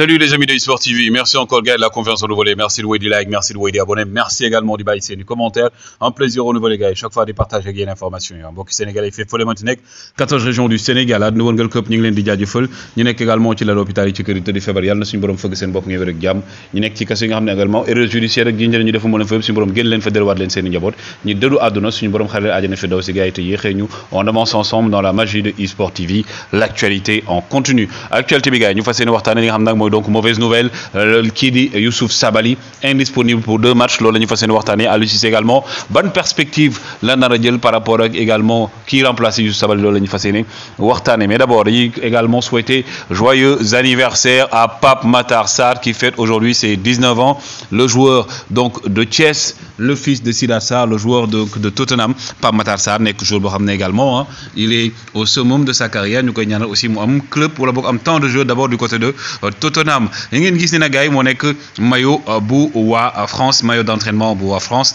Salut les amis de eSport TV, merci encore gars de la confiance renouvelée, merci de vous des like, merci de vous des abonnés, merci également du bail, du commentaire, un plaisir renouvelé gars, chaque fois de partager Gaël l'information. Hein, mbokk Sénégal il fait fële mënti 14 régions du Sénégal àdduna woon ngeen këpp ñu ngi leen di jaajëfal ñu nekk également ci l'hôpital hôpital yi de kër yi tëddi feebar yàlla na suñu borom fëgg seen bopp ngeen wér ak jàmm ñu nekk ci kaso yi nga xam également erreur judiciaire ak jinjële ñu defa moo leen fa yëpp suñu borom génn leen fa delluwaat de seen i njaboot ñu dëddu àdduna suñu borom xare leen àjjana fi daw si Gaël te yéexee on avance ensemble dans la magie de eSport TV l'actualité en continu actualité gars, Gaël ñu fas yéene waxtaane li nga xam nag donc mauvaise nouvelle euh, Kidi dit Youssouf Sabali indisponible pour deux matchs L'Olani de ñu à également bonne perspective la par rapport également qui remplace Youssouf Sabali lors de mais d'abord également souhaiter joyeux anniversaire à Pape Matar qui fête aujourd'hui ses 19 ans le joueur donc de Chess le fils de Sida le joueur de Tottenham Pape Matar Sarr n'est que je également hein, il est au summum de sa carrière nous connaissons aussi un club pour le temps de jeu d'abord du côté de euh, Tottenham Tottenham ngeen gis ni na gars yi moo nekk maillot euh, bu waa France maillot d'entraînement bu waa France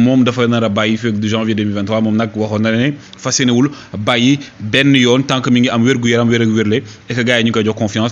Je dafa nar à bàyyi du janvier 2023 mom nak waxon na ne faire yéenewul bàyyi benn yoon tant que mi ngi am wergu yaram et confiance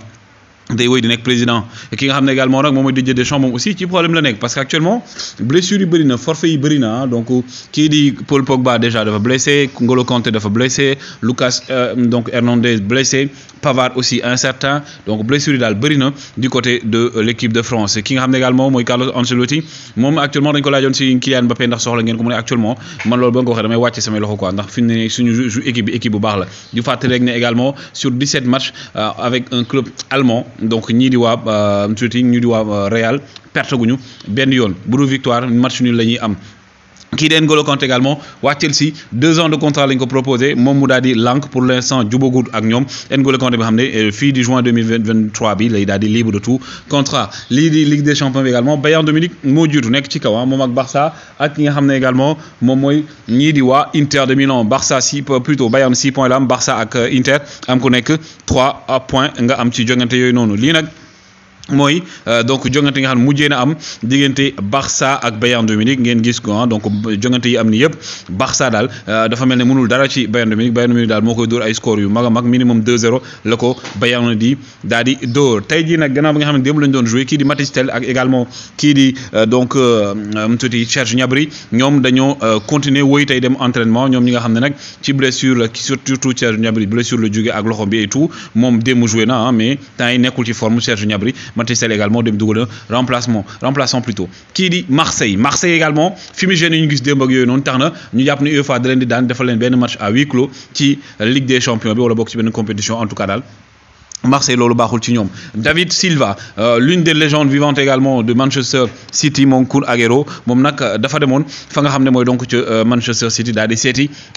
day wéy di nek président ki nga xam également nak moom mooy Didier Deschamps moom aussi ci problème la nek parce que actuellement blessure yi bari na forfait yi bari na ah. donc ki di Paul Pogba déjà dafa blessé Ngolo Kanté dafa blessé Lucas euh, donc Hernandez blessé Pavard aussi incertain donc blessure yi dal bari na du côté de euh, l'équipe de France ki nga xam également moy Carlo Ancelotti mom actuellement dañ ko laajoon ci Kylian Mbappé ndax soxla ngeen ko mu actuellement man loolu ba nga ko waxee damay wàcce samay loxo quoi ndax fini suñu équipe bi équipe bu baax la du fàttali rek également sur 17 matchs euh, avec un club allemand donc ñi di wa euh, di euh, Real yoon bu victoire match nul la am kii deen N'Golo compte également waa deux ans de contrat lañ proposé moom mu pour l'instant instant jubagut ak N'Golo compte bi euh, fille du juin 2023 bi a été libre de tout contrat Ligue des champions également Bayern Dominique Munich moo jiitu ci ah, Barça ak ki nga également moom mooy Inter de Milan Barça 6, plutôt Bayern 6 points Barça ak euh, Inter am ku trois points nga am ci jongante yooyu moy euh, donc jongante yi nga xam mujjena am diggante Barça ak Bayern Dominique ngeen gis ko ah, donc jongante yi am ni yëpp Barça daal euh, dafa melni mënul dara ci Bayern Dominique Bayern Dominique dal mokoy door ay score yu mag mag minimum 2-0 lako Bayern di daal di dóor tey nak nag bi nga xam dem lañ doon jouer ki di Mathys Tel ak également ki di euh, donc mu tuuti Serge Gnabry ñom dañoo continuer woy tay dem entraînement ñom ñi nga xam nak ci blessure la surtout Serge Gnabry blessure la jóge ak loxom bi et tout mom dem jouer na ah, mais tay yi nekkul ci forme Serge Gnabry Manchester également dem dugal remplacement remplaçant plutôt Qui dit Marseille Marseille également fumigène Ingus ñu gis démb ak yooyu noonu ñu jàpp ne UEFA da leen di daan defal match à huis clos ci Ligue des champions bi wala bokk ci benn compétition en tout cas daal. Marseille loolu David Silva euh, l'une des légendes vivantes également de Manchester City mon cool Aguero mon nak euh, dafa demoon fa nga donc euh, Manchester City daal di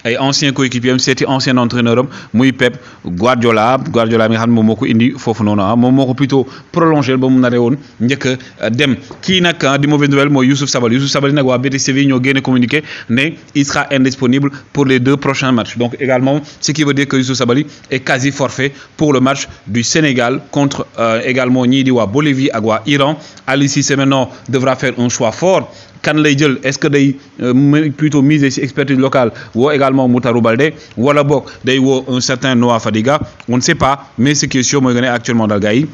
et ancien coéquipier coéquipiers ancien entraîneur am Pep Guardiola Guardiola mi nga xam indi foofu noonu ah, plutôt prolongé ba mu naree woon njëkk a dem kii nag ah, du mauvaise nouvelle mooy Youssouf Sabaly Youssouf Sabaly n'a pas été Séville ñoo génne communiqué mais il sera indisponible pour les deux prochains matchs donc également ce qui veut dire que Youssouf Sabaly est quasi forfait pour le match du Sénégal contre euh, également Nidiwa, Bolivie Agua, Iran Ali Cissé maintenant devra faire un choix fort kan lay est-ce que day euh, plutôt miser sur expertise locale ou également Moutarou Balde, ou un certain Noah Fadiga on ne sait pas mais ce qui est sûr actuellement dans le yi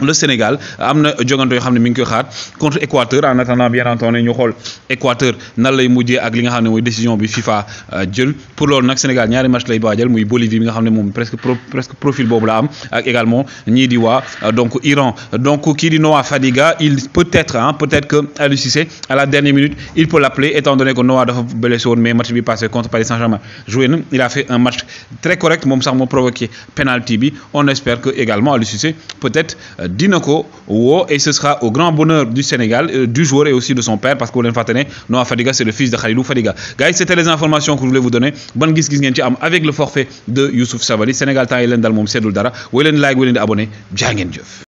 le Sénégal amna na jogante yoo mi ngi koy xaar contre Équateur en attendant bien entendu ñu xol Équateur nan lay mujjé ak li nga xam moy décision bi FIFA euh, jël pour loolu nak Sénégal ñaari match lay baajal muy Bolivie bi nga xam mom presque presque profil boobu la am ak également ñi di wa euh, donc Iran donc ki di Noah Fadiga il peut être hein, peut être que Aliou Cissé à la dernière minute il peut l'appeler. étant donné que Noah dafa blessé woon mais match bi passé contre Paris Saint-Germain joué il a fait un match très correct mom sax mo provoqué penalty bi on espère que également Aliou Cissé peut être. Euh, Dinoco wo et ce sera au grand bonheur du Sénégal, euh, du joueur et aussi de son père parce que Fatene, Fadiga, c'est le fils de Khalilou Fadiga. Guys, c'était les informations que je voulais vous donner. Bonne guise guise am avec le forfait de Youssouf Savali. Sénégal, temps, Hélène Dalmoum, Sedoul Dara. Hélène like, Hélène abonné.